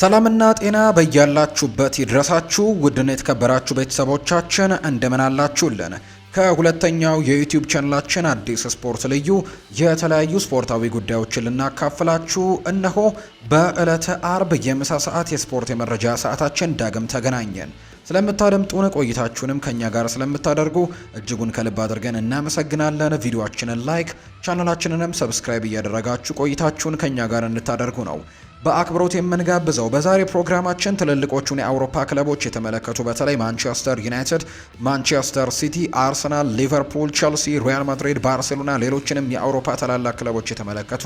ሰላምና ጤና በያላችሁበት ይድረሳችሁ ውድና የተከበራችሁ ቤተሰቦቻችን እንደምን አላችሁልን? ከሁለተኛው የዩቲዩብ ቻናላችን አዲስ ስፖርት ልዩ የተለያዩ ስፖርታዊ ጉዳዮችን ልናካፍላችሁ እነሆ በዕለተ አርብ የምሳ ሰዓት የስፖርት የመረጃ ሰዓታችን ዳግም ተገናኘን። ስለምታደምጡን ቆይታችሁንም ከኛ ጋር ስለምታደርጉ እጅጉን ከልብ አድርገን እናመሰግናለን። ቪዲዮአችንን ላይክ ቻናላችንንም ሰብስክራይብ እያደረጋችሁ ቆይታችሁን ከኛ ጋር እንድታደርጉ ነው በአክብሮት የምንጋብዘው በዛሬ ፕሮግራማችን ትልልቆቹን የአውሮፓ ክለቦች የተመለከቱ በተለይ ማንቸስተር ዩናይትድ፣ ማንቸስተር ሲቲ፣ አርሰናል፣ ሊቨርፑል፣ ቸልሲ፣ ሪያል ማድሪድ፣ ባርሴሎና ሌሎችንም የአውሮፓ ታላላቅ ክለቦች የተመለከቱ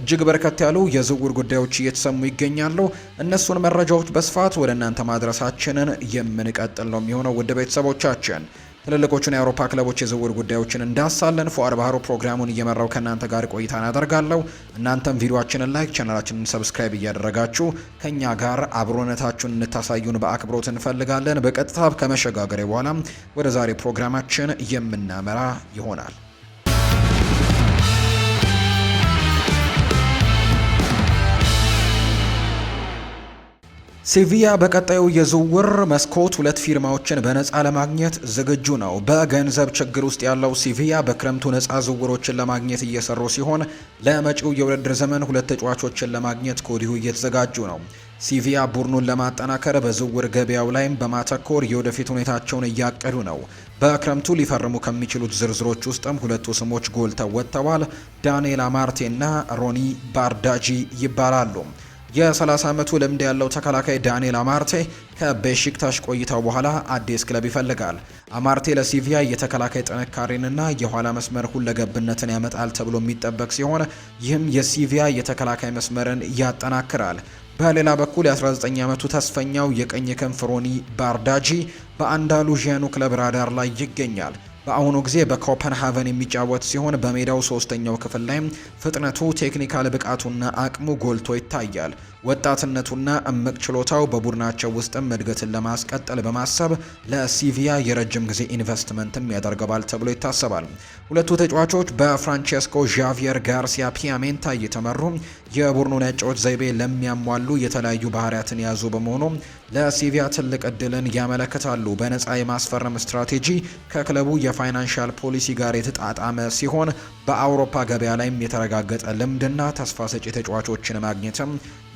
እጅግ በርከት ያሉ የዝውውር ጉዳዮች እየተሰሙ ይገኛሉ። እነሱን መረጃዎች በስፋት ወደ እናንተ ማድረሳችንን የምንቀጥል ነው የሚሆነው ውድ ቤተሰቦቻችን ትልልቆቹን የአውሮፓ ክለቦች የዝውውር ጉዳዮችን እንዳሳለን። ፉአድ ባህሩ ፕሮግራሙን እየመራው ከእናንተ ጋር ቆይታ አደርጋለሁ። እናንተም ቪዲዮችንን ላይክ፣ ቻናላችንን ሰብስክራይብ እያደረጋችሁ ከእኛ ጋር አብሮነታችሁን እንታሳዩን በአክብሮት እንፈልጋለን። በቀጥታ ከመሸጋገሪያ በኋላ ወደ ዛሬ ፕሮግራማችን የምናመራ ይሆናል። ሴቪያ በቀጣዩ የዝውውር መስኮት ሁለት ፊርማዎችን በነፃ ለማግኘት ዝግጁ ነው። በገንዘብ ችግር ውስጥ ያለው ሴቪያ በክረምቱ ነፃ ዝውውሮችን ለማግኘት እየሰሩ ሲሆን ለመጪው የውድድር ዘመን ሁለት ተጫዋቾችን ለማግኘት ከወዲሁ እየተዘጋጁ ነው። ሲቪያ ቡድኑን ለማጠናከር በዝውውር ገበያው ላይም በማተኮር የወደፊት ሁኔታቸውን እያቀዱ ነው። በክረምቱ ሊፈርሙ ከሚችሉት ዝርዝሮች ውስጥም ሁለቱ ስሞች ጎልተው ወጥተዋል። ዳንኤል አማርቴ እና ሮኒ ባርዳጂ ይባላሉ። የ30 ዓመቱ ልምድ ያለው ተከላካይ ዳንኤል አማርቴ ከቤሺክታሽ ቆይታው በኋላ አዲስ ክለብ ይፈልጋል። አማርቴ ለሲቪያ የተከላካይ ጥንካሬንና የኋላ መስመር ሁለገብነትን ያመጣል ተብሎ የሚጠበቅ ሲሆን ይህም የሲቪያ የተከላካይ መስመርን ያጠናክራል። በሌላ በኩል የ19 ዓመቱ ተስፈኛው የቀኝ ክንፍ ሮኒ ባርዳጂ በአንዳሉዥያኑ ክለብ ራዳር ላይ ይገኛል። በአሁኑ ጊዜ በኮፐንሃቨን የሚጫወት ሲሆን በሜዳው ሶስተኛው ክፍል ላይ ፍጥነቱ፣ ቴክኒካል ብቃቱና አቅሙ ጎልቶ ይታያል። ወጣትነቱና እምቅ ችሎታው በቡድናቸው ውስጥም እድገትን ለማስቀጠል በማሰብ ለሲቪያ የረጅም ጊዜ ኢንቨስትመንትም ያደርገዋል ተብሎ ይታሰባል። ሁለቱ ተጫዋቾች በፍራንቼስኮ ዣቪየር ጋርሲያ ፒያሜንታ እየተመሩ የቡድኑ ነጮች ዘይቤ ለሚያሟሉ የተለያዩ ባህሪያትን የያዙ በመሆኑ ለሲቪያ ትልቅ እድልን ያመለክታሉ። በነፃ የማስፈረም ስትራቴጂ ከክለቡ የፋይናንሻል ፖሊሲ ጋር የተጣጣመ ሲሆን በአውሮፓ ገበያ ላይም የተረጋገጠ ልምድና ተስፋ ሰጪ ተጫዋቾችን ማግኘትም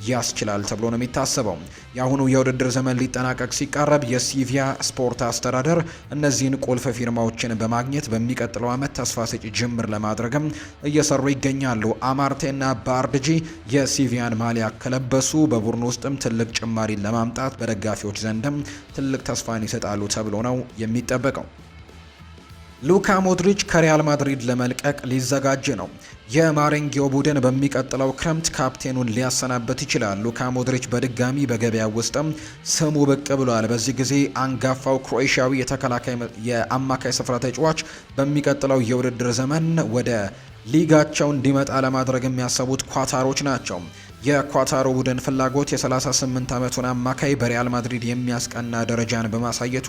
ያስችላል ተብሎ ነው የሚታሰበው። የአሁኑ የውድድር ዘመን ሊጠናቀቅ ሲቃረብ የሲቪያ ስፖርት አስተዳደር እነዚህን ቁልፍ ፊርማዎችን በማግኘት በሚቀጥለው ዓመት ተስፋ ሰጪ ጅምር ለማድረግም እየሰሩ ይገኛሉ። አማርቴና ባርድጂ የሲቪያን ማሊያ ከለበሱ በቡድን ውስጥም ትልቅ ጭማሪን ለማምጣት በደጋፊዎች ዘንድም ትልቅ ተስፋን ይሰጣሉ ተብሎ ነው የሚጠበቀው። ሉካ ሞድሪች ከሪያል ማድሪድ ለመልቀቅ ሊዘጋጅ ነው። የማሬንጌው ቡድን በሚቀጥለው ክረምት ካፕቴኑን ሊያሰናበት ይችላል። ሉካ ሞድሪች በድጋሚ በገበያው ውስጥም ስሙ ብቅ ብሏል። በዚህ ጊዜ አንጋፋው ክሮኤሽያዊ የተከላካይ የአማካይ ስፍራ ተጫዋች በሚቀጥለው የውድድር ዘመን ወደ ሊጋቸው እንዲመጣ ለማድረግ የሚያሰቡት ኳታሮች ናቸው። የኳታሮ ቡድን ፍላጎት የ38 ዓመቱን አማካይ በሪያል ማድሪድ የሚያስቀና ደረጃን በማሳየቱ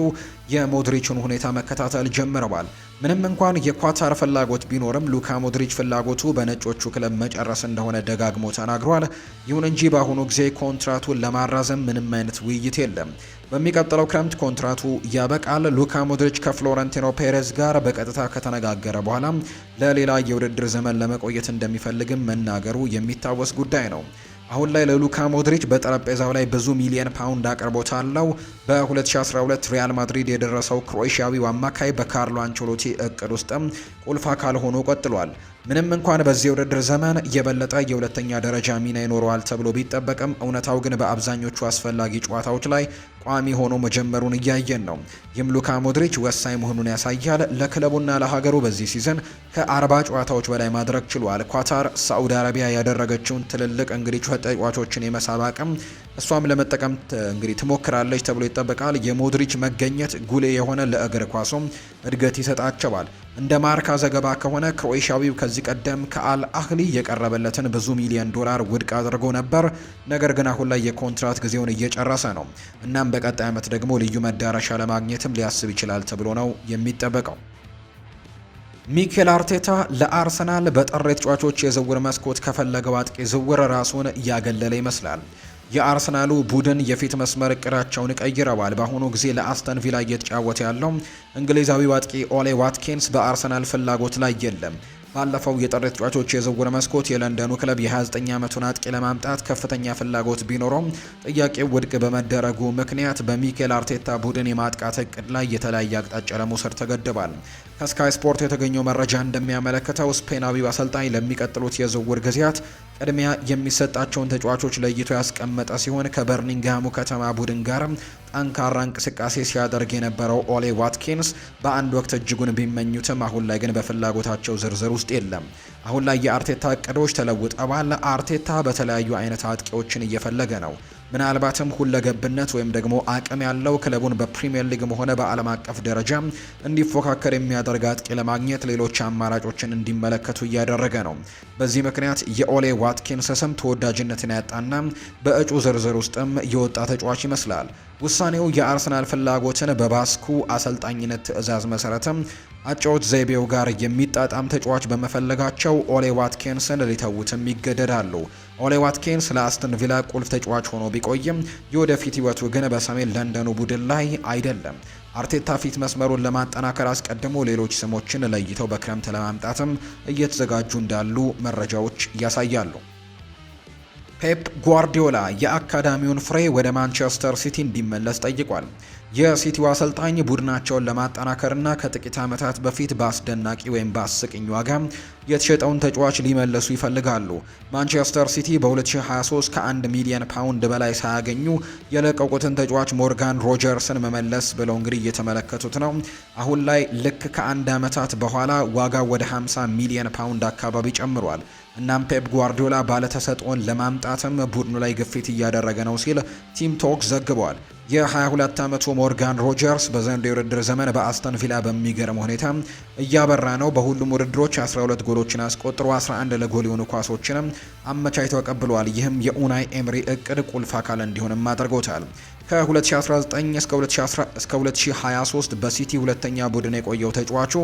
የሞድሪችን ሁኔታ መከታተል ጀምረዋል። ምንም እንኳን የኳታር ፍላጎት ቢኖርም ሉካ ሞድሪች ፍላጎቱ በነጮቹ ክለብ መጨረስ እንደሆነ ደጋግሞ ተናግሯል። ይሁን እንጂ በአሁኑ ጊዜ ኮንትራቱን ለማራዘም ምንም አይነት ውይይት የለም። በሚቀጥለው ክረምት ኮንትራቱ ያበቃል። ሉካ ሞድሪች ከፍሎረንቲኖ ፔሬዝ ጋር በቀጥታ ከተነጋገረ በኋላ ለሌላ የውድድር ዘመን ለመቆየት እንደሚፈልግም መናገሩ የሚታወስ ጉዳይ ነው። አሁን ላይ ለሉካ ሞድሪች በጠረጴዛው ላይ ብዙ ሚሊየን ፓውንድ አቅርቦት አለው። በ2012 ሪያል ማድሪድ የደረሰው ክሮኤሽያዊው አማካይ በካርሎ አንቸሎቲ እቅድ ውስጥም ቁልፍ አካል ሆኖ ቀጥሏል። ምንም እንኳን በዚህ ውድድር ዘመን የበለጠ የሁለተኛ ደረጃ ሚና ይኖረዋል ተብሎ ቢጠበቅም እውነታው ግን በአብዛኞቹ አስፈላጊ ጨዋታዎች ላይ ቋሚ ሆኖ መጀመሩን እያየን ነው። ይህም ሉካ ሞድሪች ወሳኝ መሆኑን ያሳያል። ለክለቡና ለሀገሩ በዚህ ሲዝን ከአርባ ጨዋታዎች በላይ ማድረግ ችሏል። ኳታር፣ ሳዑዲ አረቢያ ያደረገችውን ትልልቅ እንግዲህ ተጫዋቾችን የመሳብ አቅም እሷም ለመጠቀም እንግዲህ ትሞክራለች ተብሎ ይጠበቃል። የሞድሪች መገኘት ጉሌ የሆነ ለእግር ኳሱም እድገት ይሰጣቸዋል። እንደ ማርካ ዘገባ ከሆነ ክሮኤሽያዊው ከዚህ ቀደም ከአል አህሊ የቀረበለትን ብዙ ሚሊዮን ዶላር ውድቅ አድርጎ ነበር። ነገር ግን አሁን ላይ የኮንትራት ጊዜውን እየጨረሰ ነው። እናም በቀጣይ ዓመት ደግሞ ልዩ መዳረሻ ለማግኘትም ሊያስብ ይችላል ተብሎ ነው የሚጠበቀው። ሚኬል አርቴታ ለአርሰናል በጥር የተጫዋቾች የዝውውር መስኮት ከፈለገው አጥቂ ዝውውር ራሱን እያገለለ ይመስላል። የአርሰናሉ ቡድን የፊት መስመር እቅዳቸውን ቀይረዋል። በአሁኑ ጊዜ ለአስተን ቪላ እየተጫወተ ያለው እንግሊዛዊ አጥቂ ኦሌ ዋትኪንስ በአርሰናል ፍላጎት ላይ የለም። ባለፈው የጥር ተጫዋቾች የዝውውር መስኮት የለንደኑ ክለብ የ29 ዓመቱን አጥቂ ለማምጣት ከፍተኛ ፍላጎት ቢኖረውም ጥያቄው ውድቅ በመደረጉ ምክንያት በሚኬል አርቴታ ቡድን የማጥቃት እቅድ ላይ የተለያየ አቅጣጫ ለመውሰድ ተገድቧል። ከስካይ ስፖርት የተገኘው መረጃ እንደሚያመለክተው ስፔናዊው አሰልጣኝ ለሚቀጥሉት የዝውውር ጊዜያት ቅድሚያ የሚሰጣቸውን ተጫዋቾች ለይቶ ያስቀመጠ ሲሆን ከበርኒንግሃሙ ከተማ ቡድን ጋርም ጠንካራ እንቅስቃሴ ሲያደርግ የነበረው ኦሌ ዋትኪንስ በአንድ ወቅት እጅጉን ቢመኙትም አሁን ላይ ግን በፍላጎታቸው ዝርዝር ውስጥ የለም። አሁን ላይ የአርቴታ እቅዶች ተለውጠዋል። አርቴታ በተለያዩ አይነት አጥቂዎችን እየፈለገ ነው። ምናልባትም ሁለገብነት ወይም ደግሞ አቅም ያለው ክለቡን በፕሪምየር ሊግም ሆነ በዓለም አቀፍ ደረጃ እንዲፎካከር የሚያደርግ አጥቂ ለማግኘት ሌሎች አማራጮችን እንዲመለከቱ እያደረገ ነው። በዚህ ምክንያት የኦሌ ዋትኪንስ ስም ተወዳጅነትን ያጣና በእጩ ዝርዝር ውስጥም የወጣ ተጫዋች ይመስላል። ውሳኔው የአርሰናል ፍላጎትን በባስኩ አሰልጣኝነት ትዕዛዝ መሰረትም አጫዎች ዘይቤው ጋር የሚጣጣም ተጫዋች በመፈለጋቸው ኦሌ ዋትኪንስን ሊተውትም ይገደዳሉ። ኦሌ ዋትኪንስ ለአስተን ቪላ ቁልፍ ተጫዋች ሆኖ ቢቆይም የወደፊት ሕይወቱ ግን በሰሜን ለንደኑ ቡድን ላይ አይደለም። አርቴታ ፊት መስመሩን ለማጠናከር አስቀድሞ ሌሎች ስሞችን ለይተው በክረምት ለማምጣትም እየተዘጋጁ እንዳሉ መረጃዎች ያሳያሉ። ፔፕ ጓርዲዮላ የአካዳሚውን ፍሬ ወደ ማንቸስተር ሲቲ እንዲመለስ ጠይቋል። የሲቲው አሰልጣኝ ቡድናቸውን ለማጠናከርና ከጥቂት ዓመታት በፊት በአስደናቂ ወይም በአስቂኝ ዋጋ የተሸጠውን ተጫዋች ሊመለሱ ይፈልጋሉ። ማንቸስተር ሲቲ በ2023 ከ1 ሚሊዮን ፓውንድ በላይ ሳያገኙ የለቀቁትን ተጫዋች ሞርጋን ሮጀርስን መመለስ ብለው እንግዲህ እየተመለከቱት ነው። አሁን ላይ ልክ ከአንድ ዓመታት በኋላ ዋጋው ወደ 50 ሚሊዮን ፓውንድ አካባቢ ጨምሯል። እናም ፔፕ ጓርዲዮላ ባለተሰጥኦን ለማምጣትም ቡድኑ ላይ ግፊት እያደረገ ነው ሲል ቲም ቶክ ዘግቧል። የ22 ዓመቱ ሞርጋን ሮጀርስ በዘንድሮው የውድድር ዘመን በአስተን ቪላ በሚገርም ሁኔታ እያበራ ነው። በሁሉም ውድድሮች 12 ጎሎችን አስቆጥሮ 11 ለጎል የሆኑ ኳሶችንም አመቻችተው ቀብሏል። ይህም የኡናይ ኤምሪ እቅድ ቁልፍ አካል እንዲሆንም አድርጎታል። ከ2019 እስከ 2023 በሲቲ ሁለተኛ ቡድን የቆየው ተጫዋቹ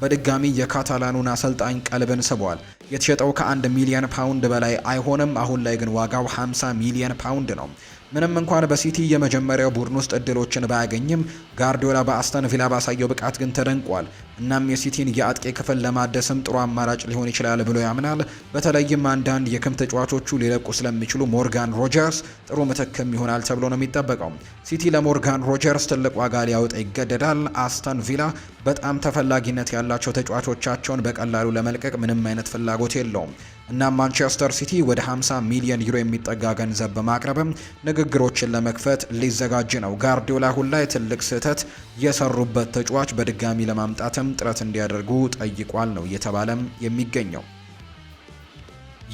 በድጋሚ የካታላኑን አሰልጣኝ ቀልብን ስቧል። የተሸጠው ከአንድ ሚሊዮን ፓውንድ በላይ አይሆንም። አሁን ላይ ግን ዋጋው 50 ሚሊዮን ፓውንድ ነው። ምንም እንኳን በሲቲ የመጀመሪያው ቡድን ውስጥ እድሎችን ባያገኝም ጋርዲዮላ በአስተን ቪላ ባሳየው ብቃት ግን ተደንቋል። እናም የሲቲን የአጥቂ ክፍል ለማደስም ጥሩ አማራጭ ሊሆን ይችላል ብሎ ያምናል። በተለይም አንዳንድ የክም ተጫዋቾቹ ሊለቁ ስለሚችሉ ሞርጋን ሮጀርስ ጥሩ ምትክም ይሆናል ተብሎ ነው የሚጠበቀው። ሲቲ ለሞርጋን ሮጀርስ ትልቅ ዋጋ ሊያወጣ ይገደዳል። አስተን ቪላ በጣም ተፈላጊነት ያላቸው ተጫዋቾቻቸውን በቀላሉ ለመልቀቅ ምንም አይነት ፍላጎት የለውም። እና ማንቸስተር ሲቲ ወደ 50 ሚሊዮን ዩሮ የሚጠጋ ገንዘብ በማቅረብም ንግግሮችን ለመክፈት ሊዘጋጅ ነው። ጋርዲዮላ አሁን ላይ ትልቅ ስህተት የሰሩበት ተጫዋች በድጋሚ ለማምጣትም ጥረት እንዲያደርጉ ጠይቋል ነው እየተባለም የሚገኘው።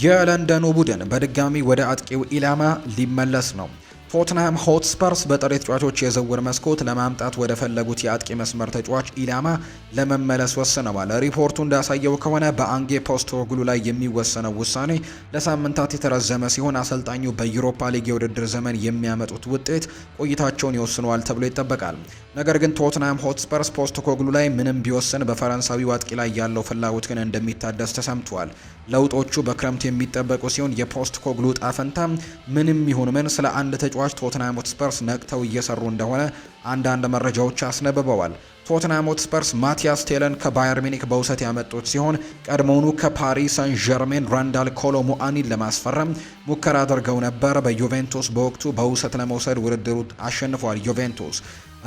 የለንደኑ ቡድን በድጋሚ ወደ አጥቂው ኢላማ ሊመለስ ነው። ቶትንሃም ሆትስፐርስ በጥሬ ተጫዋቾች የዝውውር መስኮት ለማምጣት ወደ ፈለጉት የአጥቂ መስመር ተጫዋች ኢላማ ለመመለስ ወስነዋል። ሪፖርቱ እንዳሳየው ከሆነ በአንጌ ፖስተኮግሉ ላይ የሚወሰነው ውሳኔ ለሳምንታት የተረዘመ ሲሆን አሰልጣኙ በዩሮፓ ሊግ የውድድር ዘመን የሚያመጡት ውጤት ቆይታቸውን ይወስነዋል ተብሎ ይጠበቃል። ነገር ግን ቶትናም ሆትስፐርስ ፖስተኮግሉ ላይ ምንም ቢወስን በፈረንሳዊ አጥቂ ላይ ያለው ፍላጎት ግን እንደሚታደስ ተሰምቷል። ለውጦቹ በክረምት የሚጠበቁ ሲሆን ኮግሉ ጣፈንታ ምንም ይሁን ምን ስለ አንድ ተጫዋች ቶትናም ሆትስፐርስ ነቅተው እየሰሩ እንደሆነ አንዳንድ መረጃዎች አስነብበዋል። ቶትናም ሆትስፐርስ ማቲያስ ቴለን ከባየር ሚኒክ በውሰት ያመጡት ሲሆን ቀድሞውኑ ከፓሪስ ሰን ዠርሜን ራንዳል ኮሎ ሙአኒን ለማስፈረም ሙከራ አድርገው ነበር። በዩቬንቱስ በወቅቱ በውሰት ለመውሰድ ውድድሩ አሸንፏል። ዩቬንቱስ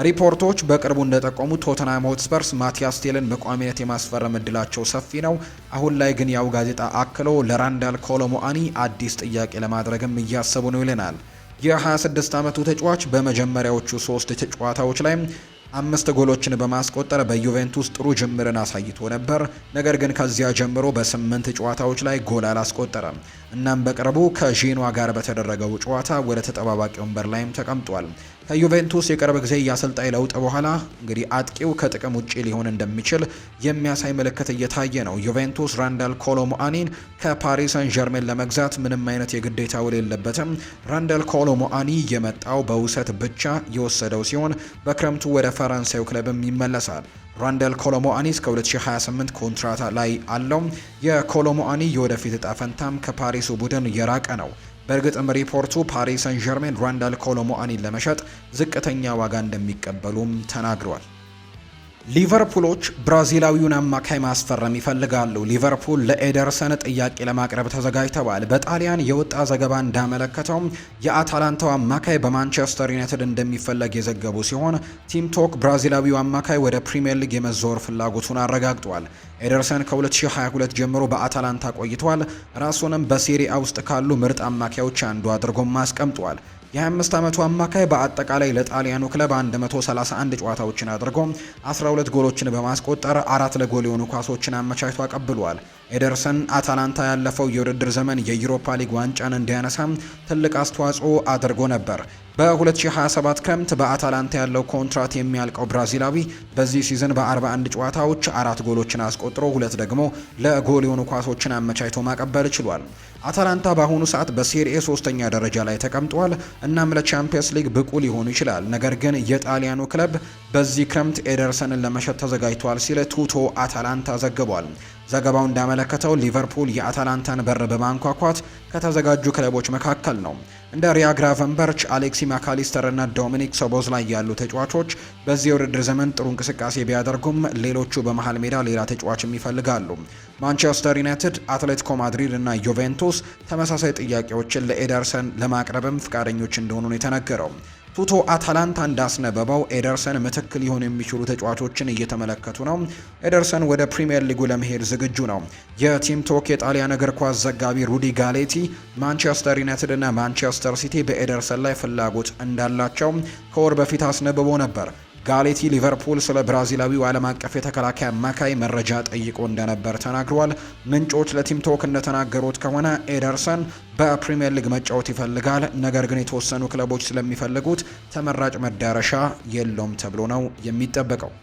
ሪፖርቶች በቅርቡ እንደጠቆሙ ቶተናም ሆትስፐርስ ማቲያስ ቴልን በቋሚነት የማስፈረም እድላቸው ሰፊ ነው። አሁን ላይ ግን ያው ጋዜጣ አክሎ ለራንዳል ኮሎሞአኒ አዲስ ጥያቄ ለማድረግም እያሰቡ ነው ይለናል። የ26 ዓመቱ ተጫዋች በመጀመሪያዎቹ ሶስት ጨዋታዎች ላይ አምስት ጎሎችን በማስቆጠር በዩቬንቱስ ጥሩ ጅምርን አሳይቶ ነበር። ነገር ግን ከዚያ ጀምሮ በስምንት ጨዋታዎች ላይ ጎል አላስቆጠረም። እናም በቅርቡ ከዢኗ ጋር በተደረገው ጨዋታ ወደ ተጠባባቂ ወንበር ላይም ተቀምጧል። ከዩቬንቱስ የቅርብ ጊዜ የአሰልጣኝ ለውጥ በኋላ እንግዲህ አጥቂው ከጥቅም ውጪ ሊሆን እንደሚችል የሚያሳይ ምልክት እየታየ ነው። ዩቬንቱስ ራንዳል ኮሎሞአኒን ከፓሪስ ሰን ዠርሜን ለመግዛት ምንም አይነት የግዴታ ውል የለበትም። ራንዳል ኮሎሞአኒ የመጣው በውሰት ብቻ የወሰደው ሲሆን በክረምቱ ወደ ፈረንሳዩ ክለብም ይመለሳል። ራንዳል ኮሎሞአኒ እስከ 2028 ኮንትራት ላይ አለው። የኮሎሞአኒ የወደፊት እጣ ፈንታም ከፓሪሱ ቡድን የራቀ ነው። በእርግጥም ሪፖርቱ ፓሪስ ሰን ዠርሜን ራንዳል ኮሎሞአኒን ለመሸጥ ዝቅተኛ ዋጋ እንደሚቀበሉም ተናግሯል። ሊቨርፑሎች ብራዚላዊውን አማካይ ማስፈረም ይፈልጋሉ። ሊቨርፑል ለኤደርሰን ጥያቄ ለማቅረብ ተዘጋጅተዋል። በጣሊያን የወጣ ዘገባ እንዳመለከተውም የአታላንታው አማካይ በማንቸስተር ዩናይትድ እንደሚፈለግ የዘገቡ ሲሆን ቲም ቶክ ብራዚላዊው አማካይ ወደ ፕሪምየር ሊግ የመዘወር ፍላጎቱን አረጋግጧል። ኤደርሰን ከ2022 ጀምሮ በአታላንታ ቆይቷል። ራሱንም በሴሪአ ውስጥ ካሉ ምርጥ አማካዮች አንዱ አድርጎም አስቀምጧል። የ25 ዓመቱ አማካይ በአጠቃላይ ለጣሊያኑ ክለብ 131 ጨዋታዎችን አድርጎ 12 ጎሎችን በማስቆጠር አራት ለጎል የሆኑ ኳሶችን አመቻችቶ አቀብሏል። ኤደርሰን አታላንታ ያለፈው የውድድር ዘመን የዩሮፓ ሊግ ዋንጫን እንዲያነሳም ትልቅ አስተዋጽኦ አድርጎ ነበር። በ2027 ክረምት በአታላንታ ያለው ኮንትራት የሚያልቀው ብራዚላዊ በዚህ ሲዝን በ41 ጨዋታዎች አራት ጎሎችን አስቆጥሮ ሁለት ደግሞ ለጎል የሆኑ ኳሶችን አመቻይቶ ማቀበል ችሏል። አታላንታ በአሁኑ ሰዓት በሴሪኤ ሶስተኛ ደረጃ ላይ ተቀምጧል። እናም ለቻምፒየንስ ሊግ ብቁ ሊሆኑ ይችላል። ነገር ግን የጣሊያኑ ክለብ በዚህ ክረምት ኤደርሰንን ለመሸጥ ተዘጋጅቷል ሲል ቱቶ አታላንታ ዘግቧል። ዘገባው እንዳመለከተው ሊቨርፑል የአታላንታን በር በማንኳኳት ከተዘጋጁ ክለቦች መካከል ነው። እንደ ሪያ ግራቨንበርች፣ አሌክሲ ማካሊስተር እና ዶሚኒክ ሶቦዝ ላይ ያሉ ተጫዋቾች በዚህ የውድድር ዘመን ጥሩ እንቅስቃሴ ቢያደርጉም ሌሎቹ በመሀል ሜዳ ሌላ ተጫዋችም ይፈልጋሉ። ማንቸስተር ዩናይትድ፣ አትሌቲኮ ማድሪድ እና ዩቬንቱስ ተመሳሳይ ጥያቄዎችን ለኤደርሰን ለማቅረብም ፈቃደኞች እንደሆኑ ነው የተነገረው። ቱቶ አታላንታ እንዳስነበበው ኤደርሰን ምትክል ሊሆን የሚችሉ ተጫዋቾችን እየተመለከቱ ነው። ኤደርሰን ወደ ፕሪምየር ሊጉ ለመሄድ ዝግጁ ነው። የቲም ቶክ የጣሊያን እግር ኳስ ዘጋቢ ሩዲ ጋሌቲ ማንቸስተር ዩናይትድ እና ማንቸስተር ሲቲ በኤደርሰን ላይ ፍላጎት እንዳላቸው ከወር በፊት አስነብቦ ነበር። ጋሌቲ ሊቨርፑል ስለ ብራዚላዊው ዓለም አቀፍ የተከላካይ አማካይ መረጃ ጠይቆ እንደነበር ተናግሯል። ምንጮች ለቲም ቶክ እንደተናገሩት ከሆነ ኤደርሰን በፕሪምየር ሊግ መጫወት ይፈልጋል፣ ነገር ግን የተወሰኑ ክለቦች ስለሚፈልጉት ተመራጭ መዳረሻ የለውም ተብሎ ነው የሚጠበቀው።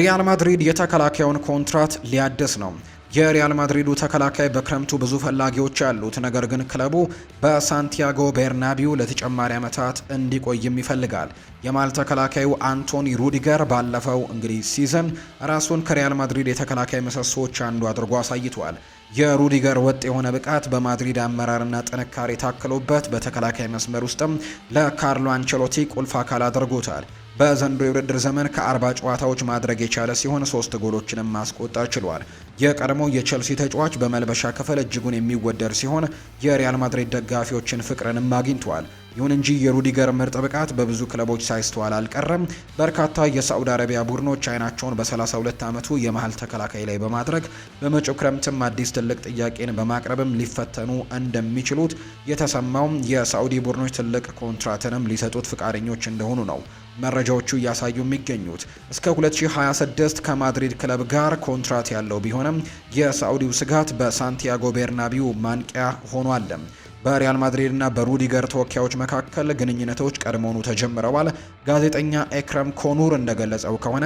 ሪያል ማድሪድ የተከላካዩን ኮንትራት ሊያድስ ነው። የሪያል ማድሪዱ ተከላካይ በክረምቱ ብዙ ፈላጊዎች ያሉት፣ ነገር ግን ክለቡ በሳንቲያጎ ቤርናቢው ለተጨማሪ ዓመታት እንዲቆይም ይፈልጋል። የማል ተከላካዩ አንቶኒ ሩዲገር ባለፈው እንግዲህ ሲዘን ራሱን ከሪያል ማድሪድ የተከላካይ ምሰሶዎች አንዱ አድርጎ አሳይቷል። የሩዲገር ወጥ የሆነ ብቃት በማድሪድ አመራርና ጥንካሬ ታክሎበት በተከላካይ መስመር ውስጥም ለካርሎ አንቸሎቲ ቁልፍ አካል አድርጎታል። በዘንድሮ የውድድር ዘመን ከአርባ ጨዋታዎች ማድረግ የቻለ ሲሆን ሶስት ጎሎችንም ማስቆጠር ችሏል። የቀድሞው የቸልሲ ተጫዋች በመልበሻ ክፍል እጅጉን የሚወደድ ሲሆን የሪያል ማድሪድ ደጋፊዎችን ፍቅርንም አግኝቷል። ይሁን እንጂ የሩዲገር ምርጥ ብቃት በብዙ ክለቦች ሳይስተዋል አልቀረም። በርካታ የሳዑዲ አረቢያ ቡድኖች አይናቸውን በ32 ዓመቱ የመሀል ተከላካይ ላይ በማድረግ በመጪው ክረምትም አዲስ ትልቅ ጥያቄን በማቅረብም ሊፈተኑ እንደሚችሉት የተሰማው የሳዑዲ ቡድኖች ትልቅ ኮንትራትንም ሊሰጡት ፍቃደኞች እንደሆኑ ነው። መረጃዎቹ እያሳዩ የሚገኙት እስከ 2026 ከማድሪድ ክለብ ጋር ኮንትራት ያለው ቢሆንም የሳዑዲው ስጋት በሳንቲያጎ ቤርናቢው ማንቂያ ሆኗለም። በሪያል ማድሪድ እና በሩዲገር ተወካዮች መካከል ግንኙነቶች ቀድሞኑ ተጀምረዋል። ጋዜጠኛ ኤክረም ኮኑር እንደገለጸው ከሆነ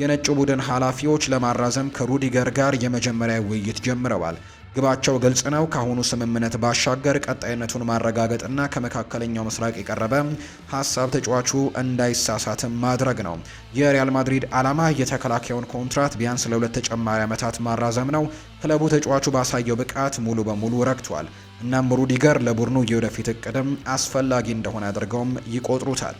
የነጩ ቡድን ኃላፊዎች ለማራዘም ከሩዲገር ጋር የመጀመሪያ ውይይት ጀምረዋል። ግባቸው ግልጽ ነው። ከአሁኑ ስምምነት ባሻገር ቀጣይነቱን ማረጋገጥና ከመካከለኛው ምስራቅ የቀረበ ሀሳብ ተጫዋቹ እንዳይሳሳትም ማድረግ ነው። የሪያል ማድሪድ ዓላማ የተከላካዩን ኮንትራት ቢያንስ ለሁለት ተጨማሪ ዓመታት ማራዘም ነው። ክለቡ ተጫዋቹ ባሳየው ብቃት ሙሉ በሙሉ ረክቷል። እናም ሩዲገር ለቡድኑ የወደፊት እቅድም አስፈላጊ እንደሆነ አድርገውም ይቆጥሩታል።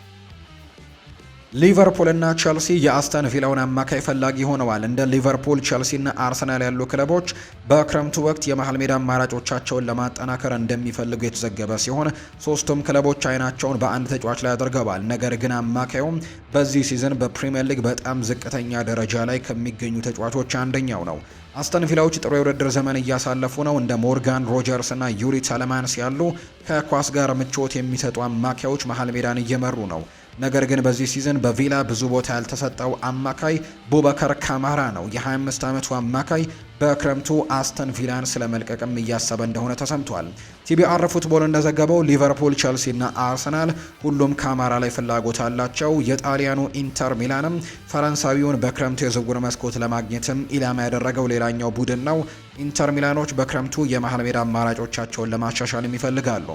ሊቨርፑል እና ቸልሲ የአስተን ቪላውን አማካይ ፈላጊ ሆነዋል። እንደ ሊቨርፑል፣ ቸልሲ እና አርሰናል ያሉ ክለቦች በክረምቱ ወቅት የመሀል ሜዳ አማራጮቻቸውን ለማጠናከር እንደሚፈልጉ የተዘገበ ሲሆን ሶስቱም ክለቦች አይናቸውን በአንድ ተጫዋች ላይ አድርገዋል። ነገር ግን አማካዩም በዚህ ሲዝን በፕሪምየር ሊግ በጣም ዝቅተኛ ደረጃ ላይ ከሚገኙ ተጫዋቾች አንደኛው ነው። አስተን ቪላዎች ጥሩ የውድድር ዘመን እያሳለፉ ነው። እንደ ሞርጋን ሮጀርስ እና ዩሪ ተለማንስ ያሉ ከኳስ ጋር ምቾት የሚሰጡ አማካዮች መሀል ሜዳን እየመሩ ነው። ነገር ግን በዚህ ሲዝን በቪላ ብዙ ቦታ ያልተሰጠው አማካይ ቡበከር ካማራ ነው። የ25 ዓመቱ አማካይ በክረምቱ አስተን ቪላን ስለመልቀቅም እያሰበ እንደሆነ ተሰምቷል። ቲቢአር ፉትቦል እንደዘገበው ሊቨርፑል፣ ና አርሰናል ሁሉም ካማራ ላይ ፍላጎት አላቸው። የጣሊያኑ ኢንተር ሚላንም ፈረንሳዊውን በክረምቱ የዝውውር መስኮት ለማግኘትም ኢላማ ያደረገው ሌላኛው ቡድን ነው። ኢንተር ሚላኖች በክረምቱ የመሀል ሜዳ አማራጮቻቸውን ለማሻሻልም ይፈልጋሉ።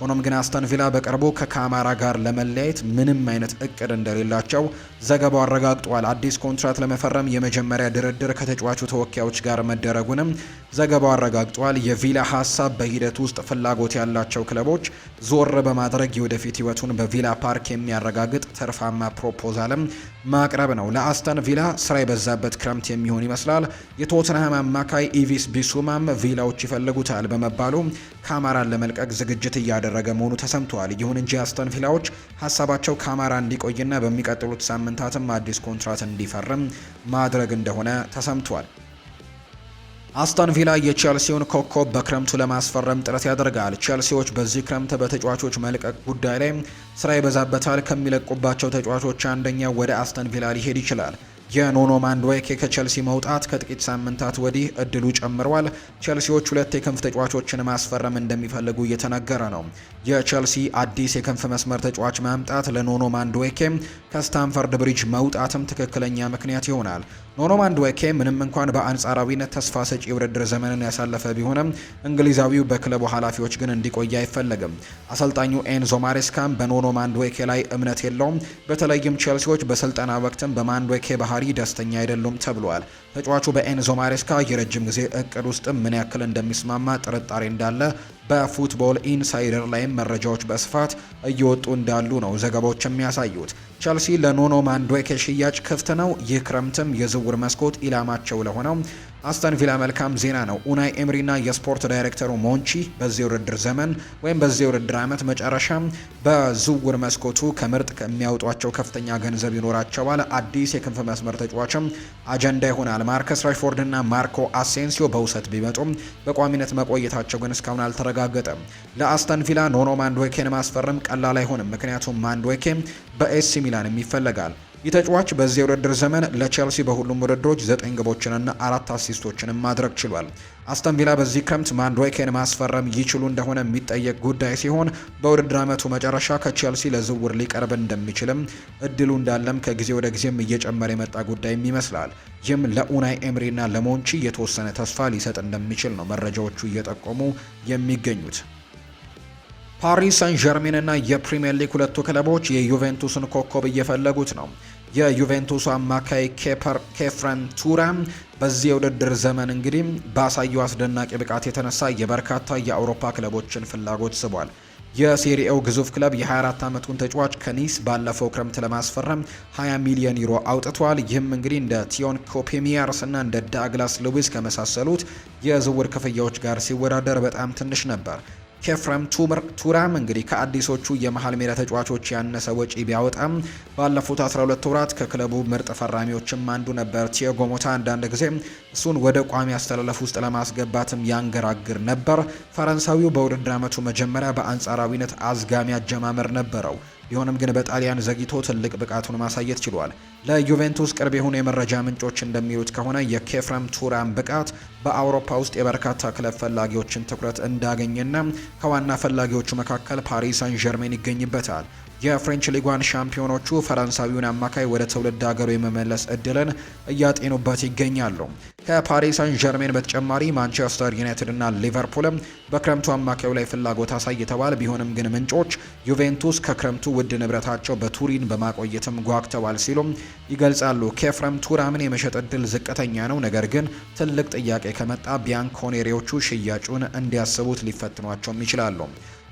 ሆኖም ግን አስተን ቪላ በቅርቡ ከካማራ ጋር ለመለያየት ምንም አይነት እቅድ እንደሌላቸው ዘገባው አረጋግጧል። አዲስ ኮንትራት ለመፈረም የመጀመሪያ ድርድር ከተጫዋቹ ተወካዮች ጋር መደረጉንም ዘገባው አረጋግጧል። የቪላ ሀሳብ በሂደት ውስጥ ፍላጎት ያላቸው ክለቦች ዞር በማድረግ የወደፊት ህይወቱን በቪላ ፓርክ የሚያረጋግጥ ትርፋማ ፕሮፖዛልም ማቅረብ ነው። ለአስተን ቪላ ስራ የበዛበት ክረምት የሚሆን ይመስላል። የቶትንሃም አማካይ ኢቪስ ቢሱማም ቪላዎች ይፈልጉታል በመባሉ ካማራን ለመልቀቅ ዝግጅት እያደረገ መሆኑ ተሰምተዋል። ይሁን እንጂ አስተን ቪላዎች ሀሳባቸው ካማራ እንዲቆይና በሚቀጥሉት ሳምንታትም አዲስ ኮንትራት እንዲፈርም ማድረግ እንደሆነ ተሰምቷል። አስተን ቪላ የቼልሲውን ኮከብ በክረምቱ ለማስፈረም ጥረት ያደርጋል። ቼልሲዎች በዚህ ክረምት በተጫዋቾች መልቀቅ ጉዳይ ላይ ስራ ይበዛበታል። ከሚለቁባቸው ተጫዋቾች አንደኛው ወደ አስተን ቪላ ሊሄድ ይችላል። የኖኖ ማንድዌኬ ከቼልሲ መውጣት ከጥቂት ሳምንታት ወዲህ እድሉ ጨምሯል። ቼልሲዎች ሁለት የክንፍ ተጫዋቾችን ማስፈረም እንደሚፈልጉ እየተነገረ ነው። የቸልሲ አዲስ የክንፍ መስመር ተጫዋች ማምጣት ለኖኖ ማንድዌኬ ከስታንፈርድ ብሪጅ መውጣትም ትክክለኛ ምክንያት ይሆናል። ኖኖ ማንድዌኬ ምንም እንኳን በአንጻራዊነት ተስፋ ሰጪ የውድድር ዘመንን ያሳለፈ ቢሆንም እንግሊዛዊው በክለቡ ኃላፊዎች ግን እንዲቆይ አይፈለግም። አሰልጣኙ ኤንዞ ማሬስካም በኖኖ ማንድዌኬ ላይ እምነት የለውም። በተለይም ቸልሲዎች በስልጠና ወቅትም በማንድዌኬ ባህሪ ደስተኛ አይደሉም ተብሏል። ተጫዋቹ በኤንዞ ማሬስካ የረጅም ጊዜ እቅድ ውስጥ ምን ያክል እንደሚስማማ ጥርጣሬ እንዳለ በፉትቦል ኢንሳይደር ላይም መረጃዎች በስፋት እየወጡ እንዳሉ ነው ዘገባዎች የሚያሳዩት። ቸልሲ ለኖኖ ማንዶኬ ሽያጭ ክፍት ነው። ይህ ክረምትም የዝውውር መስኮት ኢላማቸው ለሆነው አስተን ቪላ መልካም ዜና ነው። ኡናይ ኤምሪና የስፖርት ዳይሬክተሩ ሞንቺ በዚህ ውድድር ዘመን ወይም በዚህ ውድድር ዓመት መጨረሻ በዝውውር መስኮቱ ከምርጥ ከሚያወጧቸው ከፍተኛ ገንዘብ ይኖራቸዋል። አዲስ የክንፍ መስመር ተጫዋችም አጀንዳ ይሆናል። ማርከስ እና ማርኮ አሴንሲዮ በውሰት ቢመጡም በቋሚነት መቆየታቸው ግን እስካሁን አልተረጋገጠም። ለአስተን ቪላ ኖኖ ማንድዌኬን ማስፈረም ቀላል አይሆንም፣ ምክንያቱም ማንድዌኬ በኤሲ ሚላንም ይፈለጋል። ይህ ተጫዋች በዚህ ውድድር ዘመን ለቼልሲ በሁሉም ውድድሮች ዘጠኝ ግቦችንና አራት አሲስቶችንም ማድረግ ችሏል። አስተን ቪላ በዚህ ክረምት ማንድዌኬን ማስፈረም ይችሉ እንደሆነ የሚጠየቅ ጉዳይ ሲሆን በውድድር ዓመቱ መጨረሻ ከቼልሲ ለዝውውር ሊቀርብ እንደሚችልም እድሉ እንዳለም ከጊዜ ወደ ጊዜም እየጨመረ የመጣ ጉዳይም ይመስላል። ይህም ለኡናይ ኤምሪና ለሞንቺ የተወሰነ ተስፋ ሊሰጥ እንደሚችል ነው መረጃዎቹ እየጠቆሙ የሚገኙት። ፓሪስ ሳን እና የፕሪምየር ሊግ ሁለቱ ክለቦች የዩቬንቱስን ኮከብ እየፈለጉት ነው። የዩቬንቱሱ አማካይ ኬፐር ኬፍረን ቱራ በዚህ የውድድር ዘመን እንግዲህ ባሳየው አስደናቂ ብቃት የተነሳ የበርካታ የአውሮፓ ክለቦችን ፍላጎት ስቧል። የሴሪኤው ግዙፍ ክለብ የ24 ዓመቱን ተጫዋች ከኒስ ባለፈው ክረምት ለማስፈረም 20 ሚሊዮን ዩሮ አውጥቷል። ይህም እንግዲህ እንደ ቲዮን ኮፔሚያርስ እና እንደ ዳግላስ ሉዊስ ከመሳሰሉት የዝውውር ክፍያዎች ጋር ሲወዳደር በጣም ትንሽ ነበር። ኬፍረም ቱራም እንግዲህ ከአዲሶቹ የመሀል ሜዳ ተጫዋቾች ያነሰ ወጪ ቢያወጣም ባለፉት 12 ወራት ከክለቡ ምርጥ ፈራሚዎችም አንዱ ነበር። ቲያጎ ሞታ አንዳንድ ጊዜ እሱን ወደ ቋሚ አስተላለፍ ውስጥ ለማስገባትም ያንገራግር ነበር። ፈረንሳዊው በውድድር ዓመቱ መጀመሪያ በአንጻራዊነት አዝጋሚ አጀማመር ነበረው። ቢሆንም ግን በጣሊያን ዘግይቶ ትልቅ ብቃቱን ማሳየት ችሏል። ለዩቬንቱስ ቅርብ የሆኑ የመረጃ ምንጮች እንደሚሉት ከሆነ የኬፍረም ቱራም ብቃት በአውሮፓ ውስጥ የበርካታ ክለብ ፈላጊዎችን ትኩረት እንዳገኘና ከዋና ፈላጊዎቹ መካከል ፓሪስ ሳን ዠርሜን ይገኝበታል። የፍሬንች ሊጓን ሻምፒዮኖቹ ፈረንሳዊውን አማካይ ወደ ትውልድ ሀገሩ የመመለስ እድልን እያጤኑበት ይገኛሉ። ከፓሪስ ሳን ጀርሜን በተጨማሪ ማንቸስተር ዩናይትድ እና ሊቨርፑልም በክረምቱ አማካዩ ላይ ፍላጎት አሳይተዋል። ቢሆንም ግን ምንጮች ዩቬንቱስ ከክረምቱ ውድ ንብረታቸው በቱሪን በማቆየትም ጓግተዋል ሲሉም ይገልጻሉ። ከፍረም ቱራምን የመሸጥ እድል ዝቅተኛ ነው፣ ነገር ግን ትልቅ ጥያቄ ከመጣ ቢያንኮኔሬዎቹ ሽያጩን እንዲያስቡት ሊፈትኗቸውም ይችላሉ።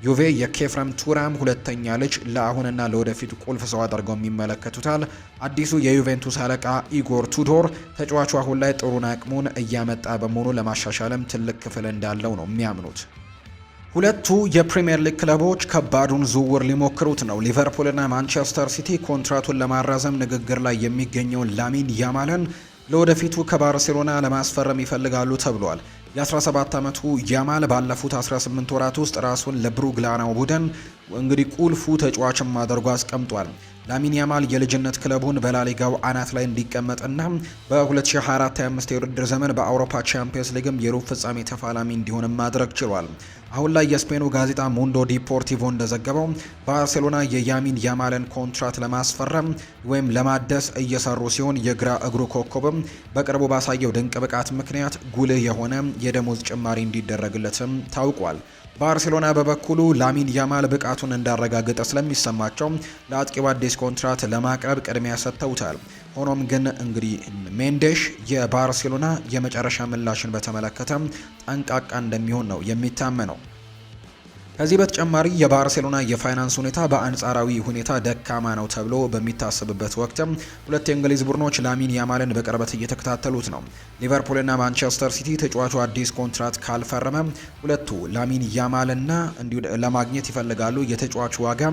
ዩቬ የኬፍረም ቱራም ሁለተኛ ልጅ ለአሁንና ለወደፊት ቁልፍ ሰው አድርገው የሚመለከቱታል። አዲሱ የዩቬንቱስ አለቃ ኢጎር ቱዶር ተጫዋቹ አሁን ላይ ጥሩን አቅሙን እያመጣ በመሆኑ ለማሻሻልም ትልቅ ክፍል እንዳለው ነው የሚያምኑት። ሁለቱ የፕሪምየር ሊግ ክለቦች ከባዱን ዝውውር ሊሞክሩት ነው። ሊቨርፑልና ማንቸስተር ሲቲ ኮንትራቱን ለማራዘም ንግግር ላይ የሚገኘውን ላሚን ያማልን ለወደፊቱ ከባርሴሎና ለማስፈረም ይፈልጋሉ ተብሏል። የ17 ዓመቱ ያማል ባለፉት 18 ወራት ውስጥ ራሱን ለብሩግላናው ቡድን እንግዲህ ቁልፉ ተጫዋችም አድርጎ አስቀምጧል። ላሚን ያማል የልጅነት ክለቡን በላሊጋው አናት ላይ እንዲቀመጥና በ2024/25 የውድድር ዘመን በአውሮፓ ቻምፒየንስ ሊግም የሩብ ፍጻሜ ተፋላሚ እንዲሆንም ማድረግ ችሏል። አሁን ላይ የስፔኑ ጋዜጣ ሙንዶ ዲፖርቲቮ እንደዘገበው ባርሴሎና የያሚን ያማልን ኮንትራት ለማስፈረም ወይም ለማደስ እየሰሩ ሲሆን የግራ እግሩ ኮከብም በቅርቡ ባሳየው ድንቅ ብቃት ምክንያት ጉልህ የሆነ የደሞዝ ጭማሪ እንዲደረግለትም ታውቋል። ባርሴሎና በበኩሉ ላሚን ያማል ብቃቱን እንዳረጋገጠ ስለሚሰማቸው ለአጥቂው አዲስ ኮንትራት ለማቅረብ ቅድሚያ ሰጥተውታል። ሆኖም ግን እንግዲህ ሜንዴሽ የባርሴሎና የመጨረሻ ምላሽን በተመለከተ ጠንቃቃ እንደሚሆን ነው የሚታመነው። ከዚህ በተጨማሪ የባርሴሎና የፋይናንስ ሁኔታ በአንጻራዊ ሁኔታ ደካማ ነው ተብሎ በሚታሰብበት ወቅት ሁለት የእንግሊዝ ቡድኖች ላሚን ያማልን በቅርበት እየተከታተሉት ነው። ሊቨርፑልና ማንቸስተር ሲቲ ተጫዋቹ አዲስ ኮንትራት ካልፈረመ ሁለቱ ላሚን ያማልና እንዲሁ ለማግኘት ይፈልጋሉ። የተጫዋቹ ዋጋ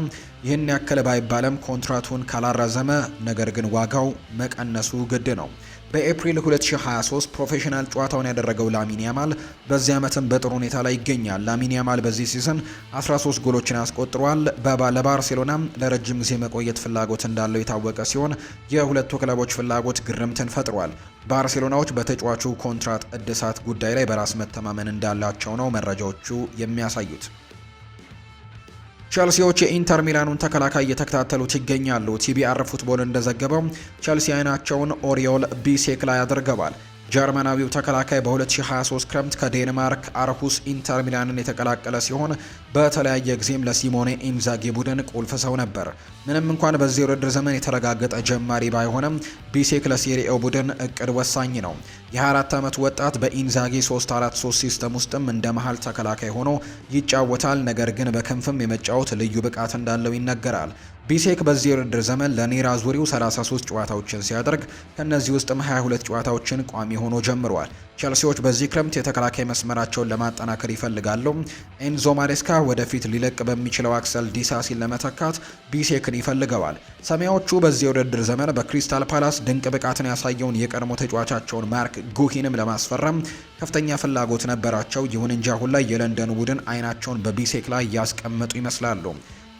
ይህን ያክል ባይባለም ኮንትራቱን ካላራዘመ ነገር ግን ዋጋው መቀነሱ ግድ ነው። በኤፕሪል 2023 ፕሮፌሽናል ጨዋታውን ያደረገው ላሚን ያማል በዚህ ዓመትም በጥሩ ሁኔታ ላይ ይገኛል። ላሚን ያማል በዚህ ሲዝን 13 ጎሎችን አስቆጥሯል። ለባርሴሎናም ለረጅም ጊዜ መቆየት ፍላጎት እንዳለው የታወቀ ሲሆን የሁለቱ ክለቦች ፍላጎት ግርምትን ፈጥሯል። ባርሴሎናዎች በተጫዋቹ ኮንትራት እድሳት ጉዳይ ላይ በራስ መተማመን እንዳላቸው ነው መረጃዎቹ የሚያሳዩት። ቸልሲዎች የኢንተር ሚላኑን ተከላካይ እየተከታተሉት ይገኛሉ። ቲቢአር ፉትቦል እንደዘገበው ቸልሲ አይናቸውን ኦሪዮል ቢሴክ ላይ አድርገዋል። ጀርመናዊው ተከላካይ በ2023 ክረምት ከዴንማርክ አርሁስ ኢንተር ሚላንን የተቀላቀለ ሲሆን በተለያየ ጊዜም ለሲሞኔ ኢንዛጊ ቡድን ቁልፍ ሰው ነበር። ምንም እንኳን በዚህ ውድድር ዘመን የተረጋገጠ ጀማሪ ባይሆንም ቢሴክ ለሴሪኤው ቡድን እቅድ ወሳኝ ነው። የ24 ዓመት ወጣት በኢንዛጌ 343 ሲስተም ውስጥም እንደ መሀል ተከላካይ ሆኖ ይጫወታል። ነገር ግን በክንፍም የመጫወት ልዩ ብቃት እንዳለው ይነገራል። ቢሴክ በዚህ የውድድር ዘመን ለኔራ ዙሪው 33 ጨዋታዎችን ሲያደርግ ከእነዚህ ውስጥም 22 ጨዋታዎችን ቋሚ ሆኖ ጀምሯል። ቸልሲዎች በዚህ ክረምት የተከላካይ መስመራቸውን ለማጠናከር ይፈልጋሉ። ኤንዞ ማሬስካ ወደፊት ሊለቅ በሚችለው አክሰል ዲሳሲን ለመተካት ቢሴክን ይፈልገዋል። ሰማያዎቹ በዚህ የውድድር ዘመን በክሪስታል ፓላስ ድንቅ ብቃትን ያሳየውን የቀድሞ ተጫዋቻቸውን ማርክ ጉሂንም ለማስፈረም ከፍተኛ ፍላጎት ነበራቸው። ይሁን እንጂ አሁን ላይ የለንደን ቡድን አይናቸውን በቢሴክ ላይ እያስቀመጡ ይመስላሉ።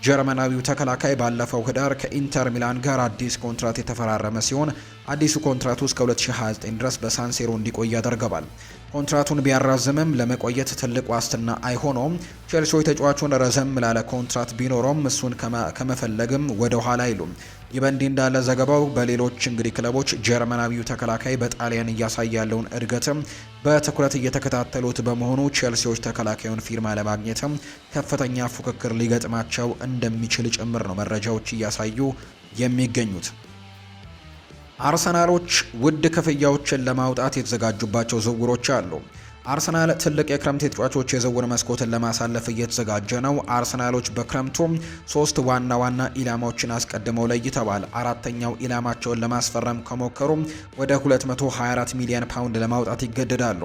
ጀርመናዊው ተከላካይ ባለፈው ህዳር ከኢንተር ሚላን ጋር አዲስ ኮንትራት የተፈራረመ ሲሆን አዲሱ ኮንትራቱ እስከ 2029 ድረስ በሳንሴሮ እንዲቆይ ያደርገዋል። ኮንትራቱን ቢያራዝምም ለመቆየት ትልቅ ዋስትና አይሆነውም። ቼልሲዎች ተጫዋቹን ረዘም ላለ ኮንትራት ቢኖረውም እሱን ከመፈለግም ወደ አይሉም። ይህ በእንዲህ እንዳለ ዘገባው በሌሎች እንግዲህ ክለቦች ጀርመናዊው ተከላካይ በጣሊያን እያሳየ ያለውን እድገትም በትኩረት እየተከታተሉት በመሆኑ ቼልሲዎች ተከላካዩን ፊርማ ለማግኘትም ከፍተኛ ፉክክር ሊገጥማቸው እንደሚችል ጭምር ነው መረጃዎች እያሳዩ የሚገኙት። አርሰናሎች ውድ ክፍያዎችን ለማውጣት የተዘጋጁባቸው ዝውውሮች አሉ። አርሰናል ትልቅ የክረምት የተጫዋቾች የዝውውር መስኮትን ለማሳለፍ እየተዘጋጀ ነው። አርሰናሎች በክረምቱ ሶስት ዋና ዋና ኢላማዎችን አስቀድመው ለይተዋል። አራተኛው ኢላማቸውን ለማስፈረም ከሞከሩ ወደ 224 ሚሊዮን ፓውንድ ለማውጣት ይገደዳሉ።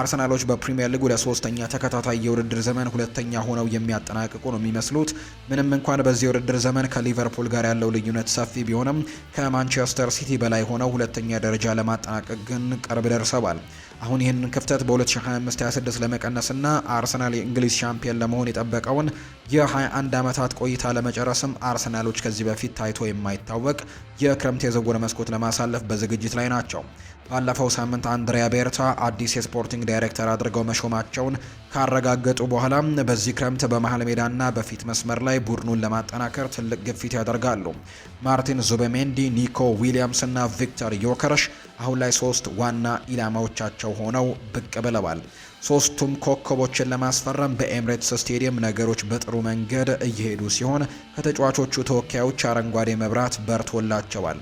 አርሰናሎች በፕሪምየር ሊጉ ለሶስተኛ ተከታታይ የውድድር ዘመን ሁለተኛ ሆነው የሚያጠናቅቁ ነው የሚመስሉት። ምንም እንኳን በዚህ የውድድር ዘመን ከሊቨርፑል ጋር ያለው ልዩነት ሰፊ ቢሆንም ከማንቸስተር ሲቲ በላይ ሆነው ሁለተኛ ደረጃ ለማጠናቀቅ ግን ቅርብ ደርሰዋል። አሁን ይህንን ክፍተት በ 2526 2025 ለመቀነስና አርሰናል የእንግሊዝ ሻምፒየን ለመሆን የጠበቀውን የ21 ዓመታት ቆይታ ለመጨረስም አርሰናሎች ከዚህ በፊት ታይቶ የማይታወቅ የክረምት የዝውውር መስኮት ለማሳለፍ በዝግጅት ላይ ናቸው። ባለፈው ሳምንት አንድሪያ ቤርታ አዲስ የስፖርቲንግ ዳይሬክተር አድርገው መሾማቸውን ካረጋገጡ በኋላ በዚህ ክረምት በመሀል ሜዳና በፊት መስመር ላይ ቡድኑን ለማጠናከር ትልቅ ግፊት ያደርጋሉ። ማርቲን ዙበሜንዲ፣ ኒኮ ዊሊያምስ እና ቪክተር ዮከረሽ አሁን ላይ ሶስት ዋና ኢላማዎቻቸው ሆነው ብቅ ብለዋል። ሶስቱም ኮከቦችን ለማስፈረም በኤምሬትስ ስቴዲየም ነገሮች በጥሩ መንገድ እየሄዱ ሲሆን ከተጫዋቾቹ ተወካዮች አረንጓዴ መብራት በርቶላቸዋል።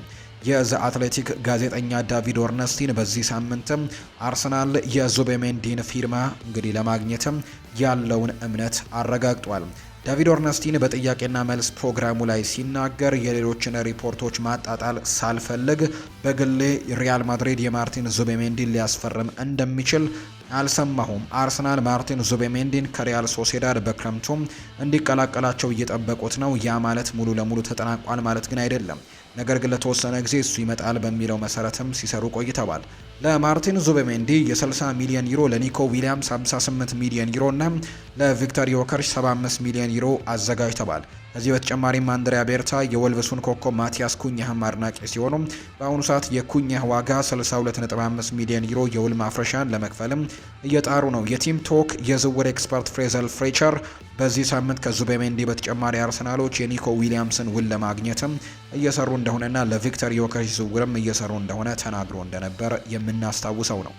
የዘ አትሌቲክ ጋዜጠኛ ዳቪድ ኦርነስቲን በዚህ ሳምንትም አርሰናል የዙቤሜንዲን ፊርማ እንግዲህ ለማግኘትም ያለውን እምነት አረጋግጧል። ዳቪድ ኦርነስቲን በጥያቄና መልስ ፕሮግራሙ ላይ ሲናገር የሌሎችን ሪፖርቶች ማጣጣል ሳልፈልግ በግሌ ሪያል ማድሪድ የማርቲን ዙቤሜንዲን ሊያስፈርም እንደሚችል አልሰማሁም። አርሰናል ማርቲን ዙቤሜንዲን ከሪያል ሶሴዳድ በክረምቱም እንዲቀላቀላቸው እየጠበቁት ነው። ያ ማለት ሙሉ ለሙሉ ተጠናቋል ማለት ግን አይደለም። ነገር ግን ለተወሰነ ጊዜ እሱ ይመጣል በሚለው መሰረትም ሲሰሩ ቆይተዋል። ለማርቲን ዙቤሜንዲ የ60 ሚሊዮን ዩሮ፣ ለኒኮ ዊሊያምስ 58 ሚሊዮን ዩሮ እና ለቪክተር ዮከርሽ 75 ሚሊዮን ዩሮ አዘጋጅተዋል። ከዚህ በተጨማሪም አንድሪያ ቤርታ የወልቭሱን ኮከብ ማቲያስ ኩኛህም አድናቂ ሲሆኑ በአሁኑ ሰዓት የኩኛህ ዋጋ 625 ሚሊዮን ዩሮ የውል ማፍረሻን ለመክፈልም እየጣሩ ነው። የቲም ቶክ የዝውውር ኤክስፐርት ፍሬዘል ፍሬቸር በዚህ ሳምንት ከዙቤሜንዲ በተጨማሪ አርሰናሎች የኒኮ ዊሊያምስን ውል ለማግኘትም እየሰሩ እንደሆነና ለቪክተር ዮከርሽ ዝውውርም እየሰሩ እንደሆነ ተናግሮ እንደነበር የምናስታውሰው ነው።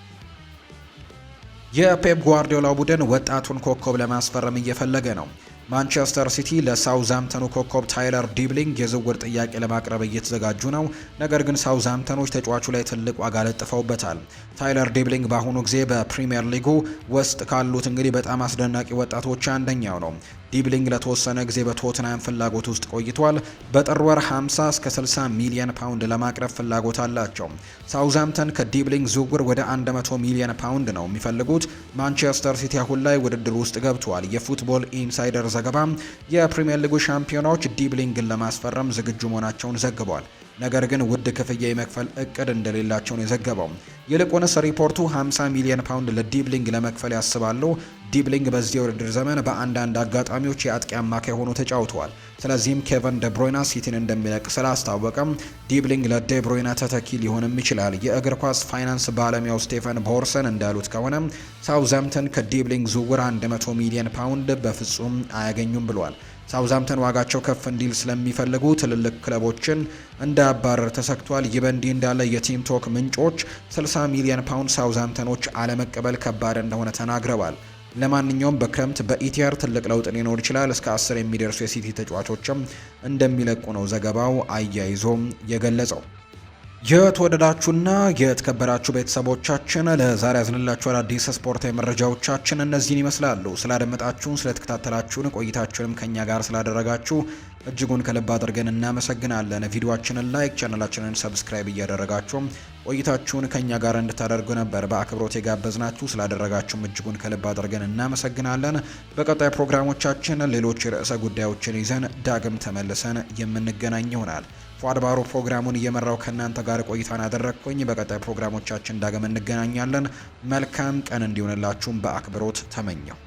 የፔፕ ጓርዲዮላ ቡድን ወጣቱን ኮከብ ለማስፈረም እየፈለገ ነው። ማንቸስተር ሲቲ ለሳውዛምተኑ ኮከብ ታይለር ዲብሊንግ የዝውውር ጥያቄ ለማቅረብ እየተዘጋጁ ነው። ነገር ግን ሳውዛምተኖች ተጫዋቹ ላይ ትልቅ ዋጋ ለጥፈውበታል። ታይለር ዲብሊንግ በአሁኑ ጊዜ በፕሪምየር ሊጉ ውስጥ ካሉት እንግዲህ በጣም አስደናቂ ወጣቶች አንደኛው ነው። ዲብሊንግ ለተወሰነ ጊዜ በቶትናም ፍላጎት ውስጥ ቆይቷል። በጥር ወር 50 እስከ 60 ሚሊዮን ፓውንድ ለማቅረብ ፍላጎት አላቸው። ሳውዝምተን ከዲብሊንግ ዝውውር ወደ 100 ሚሊዮን ፓውንድ ነው የሚፈልጉት። ማንቸስተር ሲቲ አሁን ላይ ውድድር ውስጥ ገብቷል። የፉትቦል ኢንሳይደር ዘገባ የፕሪምየር ሊጉ ሻምፒዮናዎች ዲብሊንግን ለማስፈረም ዝግጁ መሆናቸውን ዘግቧል። ነገር ግን ውድ ክፍያ የመክፈል እቅድ እንደሌላቸው ነው የዘገበው። ይልቁንስ ሪፖርቱ 50 ሚሊዮን ፓውንድ ለዲብሊንግ ለመክፈል ያስባሉ። ዲብሊንግ በዚህ የውድድር ዘመን በአንዳንድ አጋጣሚዎች የአጥቂ አማካይ ሆኖ ተጫውተዋል። ስለዚህም ኬቨን ደብሮይና ሲቲን እንደሚለቅ ስላስታወቀም ዲብሊንግ ለደብሮይና ተተኪ ሊሆንም ይችላል። የእግር ኳስ ፋይናንስ ባለሙያው ስቴፈን ቦርሰን እንዳሉት ከሆነ ሳውዛምተን ከዲብሊንግ ዝውውር 100 ሚሊዮን ፓውንድ በፍጹም አያገኙም ብሏል። ሳውዛምተን ዋጋቸው ከፍ እንዲል ስለሚፈልጉ ትልልቅ ክለቦችን እንዳያባረር ተሰግቷል። ይህ በእንዲህ እንዳለ የቲም ቶክ ምንጮች 60 ሚሊዮን ፓውንድ ሳውዛምተኖች አለመቀበል ከባድ እንደሆነ ተናግረዋል። ለማንኛውም በክረምት በኢቲአር ትልቅ ለውጥ ሊኖር ይችላል። እስከ አስር የሚደርሱ የሲቲ ተጫዋቾችም እንደሚለቁ ነው ዘገባው አያይዞም የገለጸው። የተወደዳችሁና የተከበራችሁ ቤተሰቦቻችን ለዛሬ ያዝንላችሁ አዳዲስ ስፖርታዊ መረጃዎቻችን እነዚህን ይመስላሉ። ስላደመጣችሁን፣ ስለተከታተላችሁን፣ ቆይታችሁንም ከኛ ጋር ስላደረጋችሁ እጅጉን ከልብ አድርገን እናመሰግናለን። ቪዲዮችንን ላይክ፣ ቻናላችንን ሰብስክራይብ እያደረጋችሁም ቆይታችሁን ከኛ ጋር እንድታደርጉ ነበር በአክብሮት የጋበዝናችሁ። ስላደረጋችሁም እጅጉን ከልብ አድርገን እናመሰግናለን። በቀጣይ ፕሮግራሞቻችን ሌሎች ርዕሰ ጉዳዮችን ይዘን ዳግም ተመልሰን የምንገናኝ ይሆናል። ፏድባሮ ፕሮግራሙን እየመራው ከእናንተ ጋር ቆይታን አደረግኩኝ። በቀጣይ ፕሮግራሞቻችን ዳግም እንገናኛለን። መልካም ቀን እንዲሆንላችሁም በአክብሮት ተመኘው።